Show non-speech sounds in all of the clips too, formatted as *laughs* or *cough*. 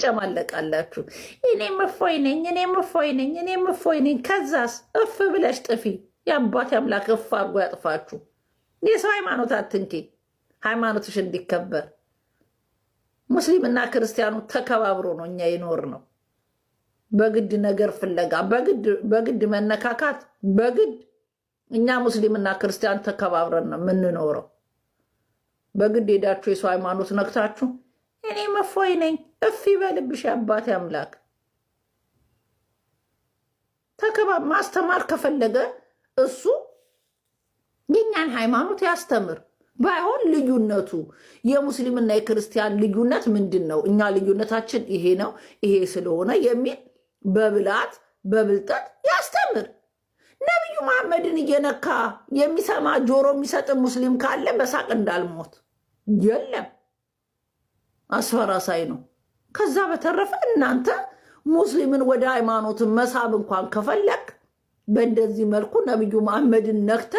ትጨማለቃላችሁ። እኔም እፎይ ነኝ፣ እኔም እፎይ ነኝ፣ እኔም እፎይ ነኝ። ከዛስ እፍ ብለሽ ጥፊ። የአባት አምላክ እፍ አድርጎ ያጥፋችሁ። የሰው ሃይማኖት አትንኪ፣ ሃይማኖትሽ እንዲከበር። ሙስሊምና ክርስቲያኑ ተከባብሮ ነው እኛ ይኖር ነው። በግድ ነገር ፍለጋ በግድ መነካካት በግድ እኛ ሙስሊምና ክርስቲያን ተከባብረን ነው የምንኖረው። በግድ ሄዳችሁ የሰው ሃይማኖት ነክታችሁ እኔ መፎይ ነኝ። እፊ በልብሽ አባት አምላክ። ተከባ ማስተማር ከፈለገ እሱ የኛን ሃይማኖት ያስተምር። ባይሆን ልዩነቱ የሙስሊምና የክርስቲያን ልዩነት ምንድን ነው? እኛ ልዩነታችን ይሄ ነው፣ ይሄ ስለሆነ የሚል በብላት በብልጠት ያስተምር። ነቢዩ መሐመድን እየነካ የሚሰማ ጆሮ የሚሰጥ ሙስሊም ካለ በሳቅ እንዳልሞት የለም። አስፈራሳይ ነው። ከዛ በተረፈ እናንተ ሙስሊምን ወደ ሃይማኖትን መሳብ እንኳን ከፈለግ በእንደዚህ መልኩ ነቢዩ መሐመድን ነክተ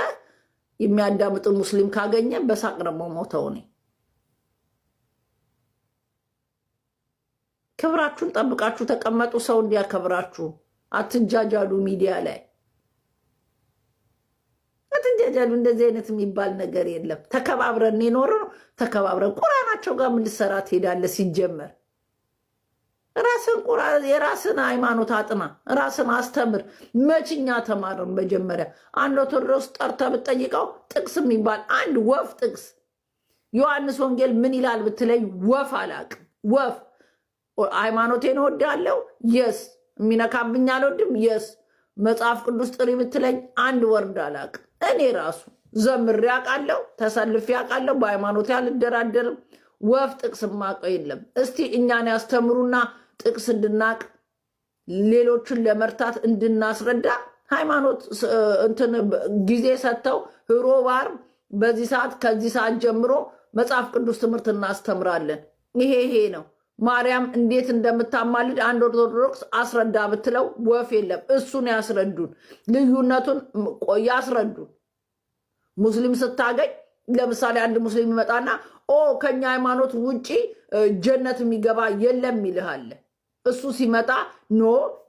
የሚያዳምጥ ሙስሊም ካገኘ በሳቅ ደግሞ ሞተው እኔ ክብራችሁን ጠብቃችሁ ተቀመጡ። ሰው እንዲያከብራችሁ አትጃጃሉ ሚዲያ ላይ በትንጃጃሉ እንደዚህ አይነት የሚባል ነገር የለም። ተከባብረን የኖረ ነው። ተከባብረን ቁራናቸው ጋር ምን ልትሰራ ትሄዳለህ? ሲጀመር ራስን የራስን ሃይማኖት አጥና፣ ራስን አስተምር። መችኛ ተማርን። መጀመሪያ አንድ ኦርቶዶክስ ጠርተህ ብትጠይቀው ጥቅስ የሚባል አንድ ወፍ ጥቅስ ዮሐንስ ወንጌል ምን ይላል ብትለይ ወፍ አላቅም። ወፍ ሃይማኖቴን እወዳለሁ፣ የስ የሚነካብኝ አልወድም፣ የስ መጽሐፍ ቅዱስ ጥሪ ብትለኝ አንድ ወርድ አላቅም። እኔ ራሱ ዘምሬ አውቃለሁ፣ ተሰልፌ አውቃለሁ። በሃይማኖት አልደራደርም። ወፍ ጥቅስ ማቀው የለም። እስቲ እኛን ያስተምሩና ጥቅስ እንድናቅ ሌሎችን ለመርታት እንድናስረዳ ሃይማኖት እንትን ጊዜ ሰጥተው ህሮ ባር በዚህ ሰዓት ከዚህ ሰዓት ጀምሮ መጽሐፍ ቅዱስ ትምህርት እናስተምራለን። ይሄ ይሄ ነው። ማርያም እንዴት እንደምታማልድ አንድ ኦርቶዶክስ አስረዳ ብትለው ወፍ የለም። እሱን ያስረዱን፣ ልዩነቱን ያስረዱን። ሙስሊም ስታገኝ ለምሳሌ አንድ ሙስሊም ይመጣና ኦ ከኛ ሃይማኖት ውጪ ጀነት የሚገባ የለም ይልሃለ። እሱ ሲመጣ ኖ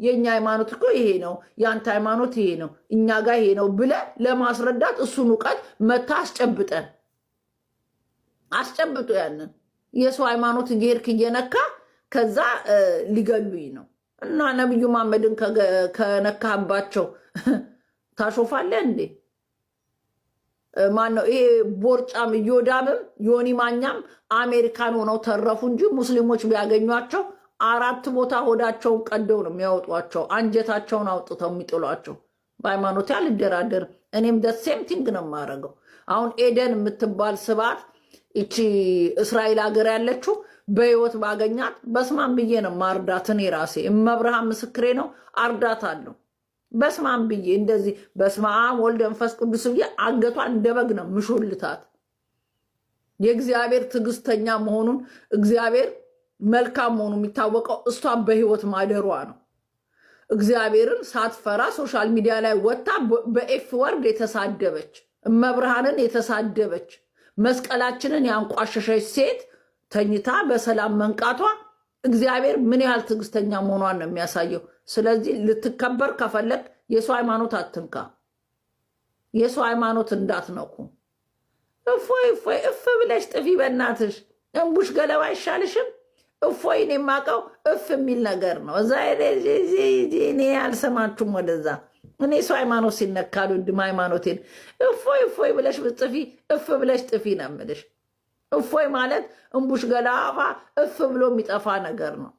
የእኛ ሃይማኖት እኮ ይሄ ነው፣ የአንተ ሃይማኖት ይሄ ነው፣ እኛ ጋር ይሄ ነው ብለ ለማስረዳት እሱን እውቀት መታ አስጨብጠን አስጨብጡ ያንን የሰው ሃይማኖት እየሄድክ እየነካ ከዛ ሊገሉኝ ነው እና ነቢዩ መሐመድን ከነካባቸው *laughs* ታሾፋለ እንዴ? ማን ነው ይሄ ቦርጫም እዮዳምም ዮኒ ማኛም አሜሪካን ሆነው ተረፉ እንጂ ሙስሊሞች ቢያገኟቸው አራት ቦታ ሆዳቸውን ቀደው ነው የሚያወጧቸው፣ አንጀታቸውን አውጥተው የሚጥሏቸው። በሃይማኖቴ አልደራደርም። እኔም ደሴም ቲንግ ነው የማደርገው። አሁን ኤደን የምትባል ስባት ይቺ እስራኤል ሀገር ያለችው በህይወት ባገኛት በስማም ብዬ ነው ማርዳት። እኔ ራሴ እመብርሃን ምስክሬ ነው አርዳታለሁ። በስማም ብዬ እንደዚህ በስመ ወልደ መንፈስ ቅዱስ ብዬ አንገቷ እንደበግ ነው ምሾልታት። የእግዚአብሔር ትዕግስተኛ መሆኑን እግዚአብሔር መልካም መሆኑ የሚታወቀው እሷ በህይወት ማደሯ ነው። እግዚአብሔርን ሳትፈራ ሶሻል ሚዲያ ላይ ወጥታ በኤፍ ወርድ የተሳደበች እመብርሃንን የተሳደበች መስቀላችንን ያንቋሸሸች ሴት ተኝታ በሰላም መንቃቷ እግዚአብሔር ምን ያህል ትዕግስተኛ መሆኗን ነው የሚያሳየው። ስለዚህ ልትከበር ከፈለግ የሰው ሃይማኖት አትንካ። የሰው ሃይማኖት እንዳትነኩ። እፎይ እፎይ እፍ ብለሽ ጥፊ በእናትሽ እንቡሽ ገለባ አይሻልሽም? እፎይን እኔ የማውቀው እፍ የሚል ነገር ነው። እዛ እኔ አልሰማችሁም ወደዛ እኔ ሰው ሃይማኖት ሲነካሉ አልወድም። ሃይማኖቴን እፎይ እፎይ ብለሽ ብጽፊ እፍ ብለሽ ጥፊ ነው የምልሽ። እፎይ ማለት እምቡሽ ገላፋ እፍ ብሎ የሚጠፋ ነገር ነው።